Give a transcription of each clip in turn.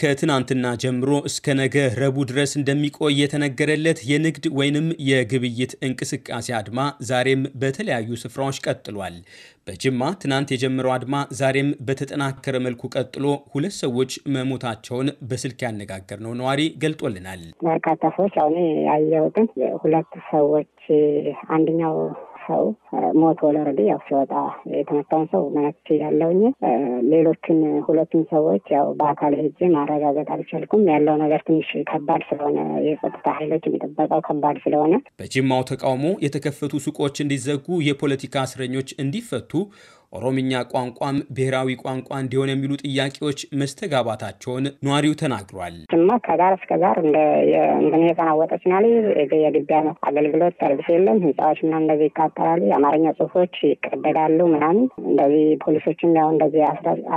ከትናንትና ጀምሮ እስከ ነገ ረቡ ድረስ እንደሚቆይ የተነገረለት የንግድ ወይንም የግብይት እንቅስቃሴ አድማ ዛሬም በተለያዩ ስፍራዎች ቀጥሏል። በጅማ ትናንት የጀመረው አድማ ዛሬም በተጠናከረ መልኩ ቀጥሎ ሁለት ሰዎች መሞታቸውን በስልክ ያነጋገርነው ነዋሪ ገልጦልናል። በርካታ ሰዎች አሁን ያየሁትን ሁለት ሰዎች አንደኛው ሰው ሞት ወለረዲ ያው ሲወጣ የተመታውን ሰው ማየት ያለውኝ ሌሎችን ሁለቱን ሰዎች ያው በአካል ህጅ ማረጋገጥ አልቻልኩም። ያለው ነገር ትንሽ ከባድ ስለሆነ የጸጥታ ኃይሎች የሚጠበቀው ከባድ ስለሆነ በጅማው ተቃውሞ የተከፈቱ ሱቆች እንዲዘጉ፣ የፖለቲካ እስረኞች እንዲፈቱ ኦሮምኛ ቋንቋም ብሔራዊ ቋንቋ እንዲሆን የሚሉ ጥያቄዎች መስተጋባታቸውን ነዋሪው ተናግሯል። ስማ ከዛር እስከ ጋር እንትን የተናወጠች ና የግቢ አገልግሎት ሰርቪስ የለም። ህንፃዎች ና እንደዚህ ይቃጠላሉ። የአማርኛ ጽሁፎች ይቀደዳሉ ምናምን እንደዚህ ፖሊሶችም ያው እንደዚህ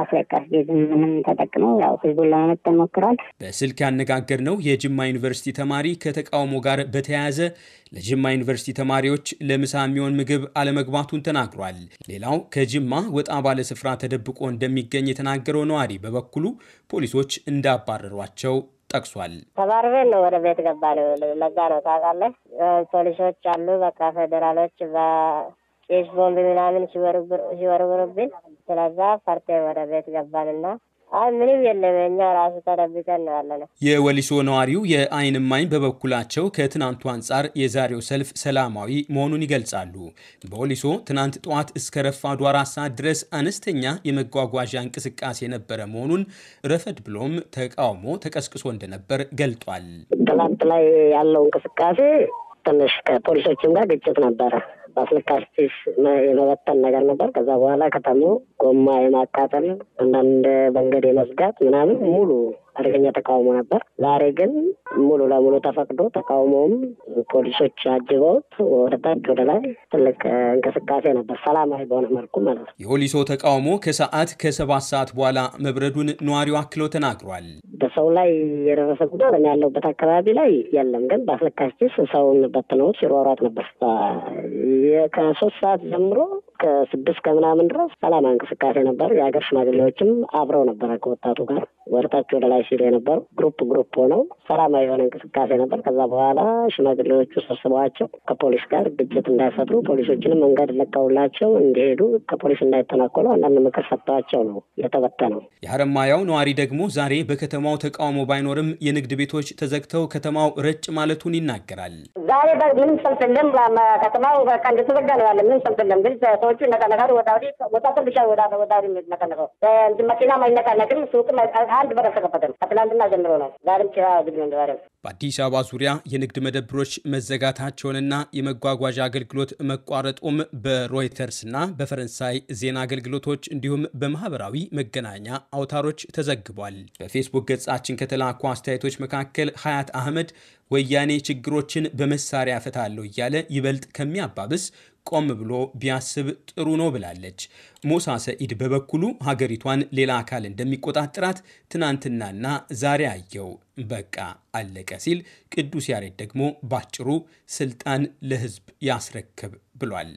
አስለቀስ ጌዝ ምንም ተጠቅመው ያው ህዝቡን ለመመጥ ተሞክሯል። በስልክ ያነጋገር ነው የጅማ ዩኒቨርሲቲ ተማሪ ከተቃውሞ ጋር በተያያዘ ለጅማ ዩኒቨርሲቲ ተማሪዎች ለምሳ የሚሆን ምግብ አለመግባቱን ተናግሯል። ሌላው ከጅ ጅማ ወጣ ባለ ስፍራ ተደብቆ እንደሚገኝ የተናገረው ነዋሪ በበኩሉ ፖሊሶች እንዳባረሯቸው ጠቅሷል። ተባርረን ነው ወደ ቤት ገባን። ለዛ ነው ታውቃለህ፣ ፖሊሶች አሉ በቃ ፌዴራሎች በቄስ ቦምብ ምናምን ሲወርውሩብን፣ ስለዛ ፈርቴ ወደ ቤት ገባንና አይ ምንም የለም። እኛ ራሱ ተደብቀን ነው የወሊሶ ነዋሪው የአይን እማኝ በበኩላቸው ከትናንቱ አንጻር የዛሬው ሰልፍ ሰላማዊ መሆኑን ይገልጻሉ። በወሊሶ ትናንት ጠዋት እስከ ረፋዱ አራት ሰዓት ድረስ አነስተኛ የመጓጓዣ እንቅስቃሴ የነበረ መሆኑን ረፈድ ብሎም ተቃውሞ ተቀስቅሶ እንደነበር ገልጧል። ትናንት ላይ ያለው እንቅስቃሴ ትንሽ ከፖሊሶችም ጋር ግጭት ነበረ በአስለካስቲስ የመበተን ነገር ነበር። ከዛ በኋላ ከተማው ጎማ የማቃጠል አንዳንድ መንገድ የመዝጋት ምናምን ሙሉ አደገኛ ተቃውሞ ነበር። ዛሬ ግን ሙሉ ለሙሉ ተፈቅዶ ተቃውሞውም ፖሊሶች አጅበውት ወደታች ወደ ላይ ትልቅ እንቅስቃሴ ነበር፣ ሰላማዊ በሆነ መልኩ ማለት ነው። የሆሊሶ ተቃውሞ ከሰዓት ከሰባት ሰዓት በኋላ መብረዱን ነዋሪው አክሎ ተናግሯል። በሰው ላይ የደረሰ ጉዳት ያለውበት አካባቢ ላይ የለም፣ ግን በአስለቃሽ ጭስ ሰውን በትነው ሲሯሯጥ ነበር። ከሶስት ሰዓት ጀምሮ ከስድስት ከምናምን ድረስ ሰላማዊ እንቅስቃሴ ነበር። የሀገር ሽማግሌዎችም አብረው ነበረ ከወጣቱ ጋር ወደታች ወደ ላይ ሲሉ የነበሩ ግሩፕ ግሩፕ ሆነው ሰላማዊ የሆነ እንቅስቃሴ ነበር። ከዛ በኋላ ሽማግሌዎቹ ሰብስበዋቸው ከፖሊስ ጋር ግጭት እንዳይፈጥሩ ፖሊሶችንም መንገድ ለቀውላቸው እንዲሄዱ ከፖሊስ እንዳይተናኮሉ አንዳንድ ምክር ሰጥተዋቸው ነው የተበተነው። የሀረማያው ነዋሪ ደግሞ ዛሬ በከተማው ተቃውሞ ባይኖርም የንግድ ቤቶች ተዘግተው ከተማው ረጭ ማለቱን ይናገራል። ዛሬ ምንም ሰልፍ የለም። ከተማው በቃ እንደተዘጋ ነው ያለ። ምንም ሰልፍ የለም። ግን ሰዎቹ ነቀነቃሉ። ወጣቱ ብቻ ወጣቱ ነቀነቀው መኪናም አይነቃነቅም ሱቅም አንድ በደረሰ ከፈተን ከትላንትና ጀምሮ ነው። ዛሬም ችራ ዝግ ነው። ዛሬም በአዲስ አበባ ዙሪያ የንግድ መደብሮች መዘጋታቸውንና የመጓጓዣ አገልግሎት መቋረጡም በሮይተርስና በፈረንሳይ ዜና አገልግሎቶች እንዲሁም በማህበራዊ መገናኛ አውታሮች ተዘግቧል። በፌስቡክ ገጻችን ከተላኩ አስተያየቶች መካከል ሀያት አህመድ ወያኔ ችግሮችን በመሳሪያ ፈታለሁ እያለ ይበልጥ ከሚያባብስ ቆም ብሎ ቢያስብ ጥሩ ነው ብላለች። ሞሳ ሰኢድ በበኩሉ ሀገሪቷን ሌላ አካል እንደሚቆጣጠራት ትናንትናና ዛሬ አየው፣ በቃ አለቀ ሲል፣ ቅዱስ ያሬድ ደግሞ ባጭሩ ስልጣን ለህዝብ ያስረክብ ብሏል።